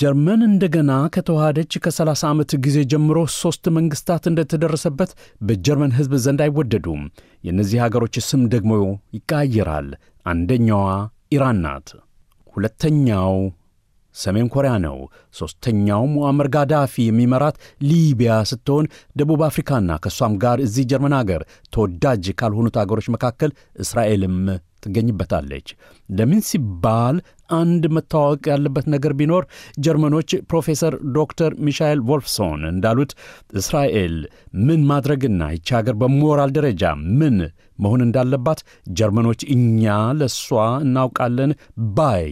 ጀርመን እንደገና ከተዋሃደች ከ30 ዓመት ጊዜ ጀምሮ ሦስት መንግሥታት እንደተደረሰበት በጀርመን ሕዝብ ዘንድ አይወደዱም። የእነዚህ አገሮች ስም ደግሞ ይቀያየራል። አንደኛዋ ኢራን ናት። ሁለተኛው ሰሜን ኮሪያ ነው። ሦስተኛው ሙአመር ጋዳፊ የሚመራት ሊቢያ ስትሆን ደቡብ አፍሪካና ከእሷም ጋር እዚህ ጀርመን አገር ተወዳጅ ካልሆኑት አገሮች መካከል እስራኤልም ትገኝበታለች። ለምን ሲባል አንድ መታወቅ ያለበት ነገር ቢኖር ጀርመኖች ፕሮፌሰር ዶክተር ሚሻኤል ቮልፍሶን እንዳሉት እስራኤል ምን ማድረግና ይቺ ሀገር በሞራል ደረጃ ምን መሆን እንዳለባት ጀርመኖች እኛ ለእሷ እናውቃለን ባይ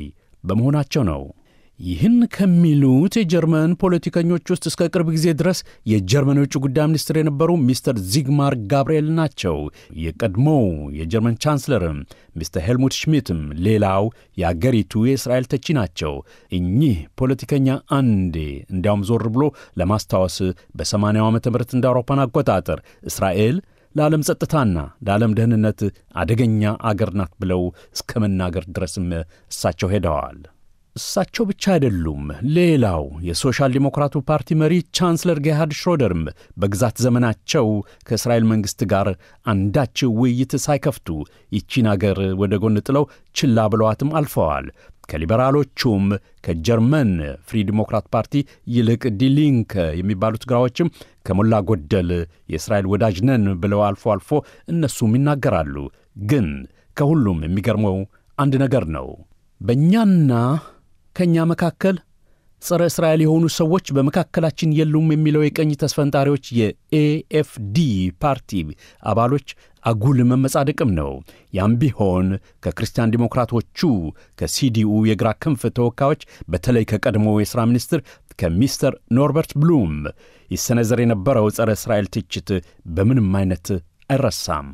በመሆናቸው ነው። ይህን ከሚሉት የጀርመን ፖለቲከኞች ውስጥ እስከ ቅርብ ጊዜ ድረስ የጀርመን የውጭ ጉዳይ ሚኒስትር የነበሩ ሚስተር ዚግማር ጋብርኤል ናቸው። የቀድሞው የጀርመን ቻንስለርም ሚስተር ሄልሙት ሽሚትም ሌላው የአገሪቱ የእስራኤል ተቺ ናቸው። እኚህ ፖለቲከኛ አንዴ እንዲያውም ዞር ብሎ ለማስታወስ በሰማንያው ዓመተ ምህረት እንደ አውሮፓን አቆጣጠር እስራኤል ለዓለም ጸጥታና ለዓለም ደህንነት አደገኛ አገር ናት ብለው እስከ መናገር ድረስም እሳቸው ሄደዋል። እሳቸው ብቻ አይደሉም። ሌላው የሶሻል ዲሞክራቱ ፓርቲ መሪ ቻንስለር ጌርሃርድ ሽሮደርም በግዛት ዘመናቸው ከእስራኤል መንግሥት ጋር አንዳች ውይይት ሳይከፍቱ ይቺን አገር ወደ ጎን ጥለው ችላ ብለዋትም አልፈዋል። ከሊበራሎቹም ከጀርመን ፍሪ ዲሞክራት ፓርቲ ይልቅ ዲሊንክ የሚባሉት ግራዎችም ከሞላ ጎደል የእስራኤል ወዳጅ ነን ብለው አልፎ አልፎ እነሱም ይናገራሉ። ግን ከሁሉም የሚገርመው አንድ ነገር ነው በእኛና ከእኛ መካከል ጸረ እስራኤል የሆኑ ሰዎች በመካከላችን የሉም የሚለው የቀኝ ተስፈንጣሪዎች የኤኤፍዲ ፓርቲ አባሎች አጉል መመጻደቅም ነው። ያም ቢሆን ከክርስቲያን ዲሞክራቶቹ ከሲዲኡ የግራ ክንፍ ተወካዮች በተለይ ከቀድሞ የሥራ ሚኒስትር ከሚስተር ኖርበርት ብሉም ይሰነዘር የነበረው ጸረ እስራኤል ትችት በምንም አይነት አይረሳም።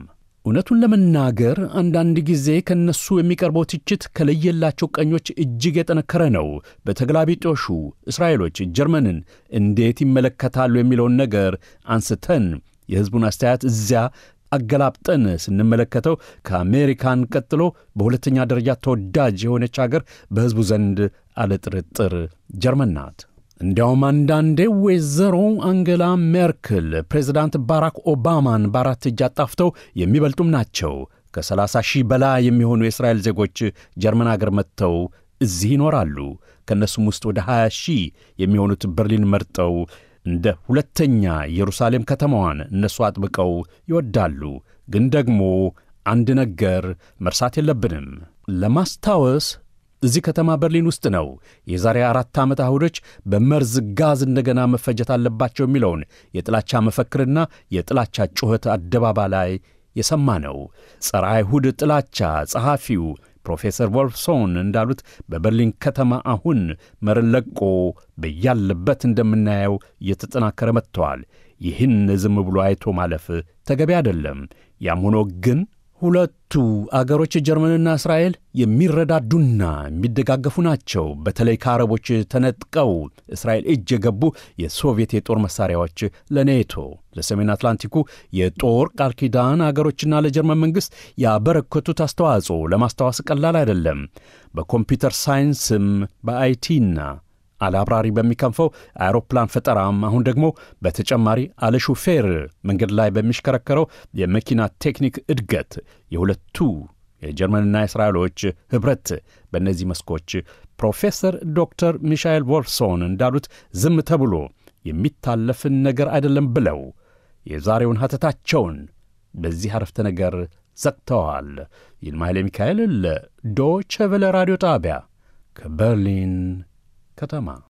እውነቱን ለመናገር አንዳንድ ጊዜ ከእነሱ የሚቀርበው ትችት ከለየላቸው ቀኞች እጅግ የጠነከረ ነው። በተግላቢጦሹ እስራኤሎች ጀርመንን እንዴት ይመለከታሉ የሚለውን ነገር አንስተን የሕዝቡን አስተያየት እዚያ አገላብጠን ስንመለከተው ከአሜሪካን ቀጥሎ በሁለተኛ ደረጃ ተወዳጅ የሆነች አገር በሕዝቡ ዘንድ አለጥርጥር ጀርመን ናት። እንዲያውም አንዳንዴ ወይዘሮ አንገላ ሜርክል ፕሬዚዳንት ባራክ ኦባማን በአራት እጅ አጣፍተው የሚበልጡም ናቸው። ከ30 ሺህ በላይ የሚሆኑ የእስራኤል ዜጎች ጀርመን አገር መጥተው እዚህ ይኖራሉ። ከእነሱም ውስጥ ወደ 20 ሺህ የሚሆኑት በርሊን መርጠው እንደ ሁለተኛ ኢየሩሳሌም ከተማዋን እነሱ አጥብቀው ይወዳሉ። ግን ደግሞ አንድ ነገር መርሳት የለብንም ለማስታወስ እዚህ ከተማ በርሊን ውስጥ ነው የዛሬ አራት ዓመት አይሁዶች በመርዝ ጋዝ እንደገና መፈጀት አለባቸው የሚለውን የጥላቻ መፈክርና የጥላቻ ጩኸት አደባባ ላይ የሰማ ነው። ጸረ አይሁድ ጥላቻ ጸሐፊው ፕሮፌሰር ወልፍሶን እንዳሉት በበርሊን ከተማ አሁን መርን ለቆ በያለበት እንደምናየው እየተጠናከረ መጥተዋል። ይህን ዝም ብሎ አይቶ ማለፍ ተገቢ አይደለም። ያም ሆኖ ግን ሁለቱ አገሮች ጀርመንና እስራኤል የሚረዳዱና የሚደጋገፉ ናቸው። በተለይ ከአረቦች ተነጥቀው እስራኤል እጅ የገቡ የሶቪየት የጦር መሳሪያዎች ለኔቶ፣ ለሰሜን አትላንቲኩ የጦር ቃል ኪዳን አገሮችና ለጀርመን መንግሥት ያበረከቱት አስተዋጽኦ ለማስታወስ ቀላል አይደለም። በኮምፒውተር ሳይንስም በአይቲና አለአብራሪ በሚከንፈው አውሮፕላን ፈጠራም አሁን ደግሞ በተጨማሪ አለሹፌር መንገድ ላይ በሚሽከረከረው የመኪና ቴክኒክ እድገት የሁለቱ የጀርመንና እስራኤሎች ኅብረት በእነዚህ መስኮች ፕሮፌሰር ዶክተር ሚሻኤል ወልፍሶን እንዳሉት ዝም ተብሎ የሚታለፍን ነገር አይደለም ብለው የዛሬውን ሀተታቸውን በዚህ አረፍተ ነገር ዘግተዋል። ይልማ ሚካኤል ለዶቸቨለ ራዲዮ ጣቢያ ከበርሊን Kadama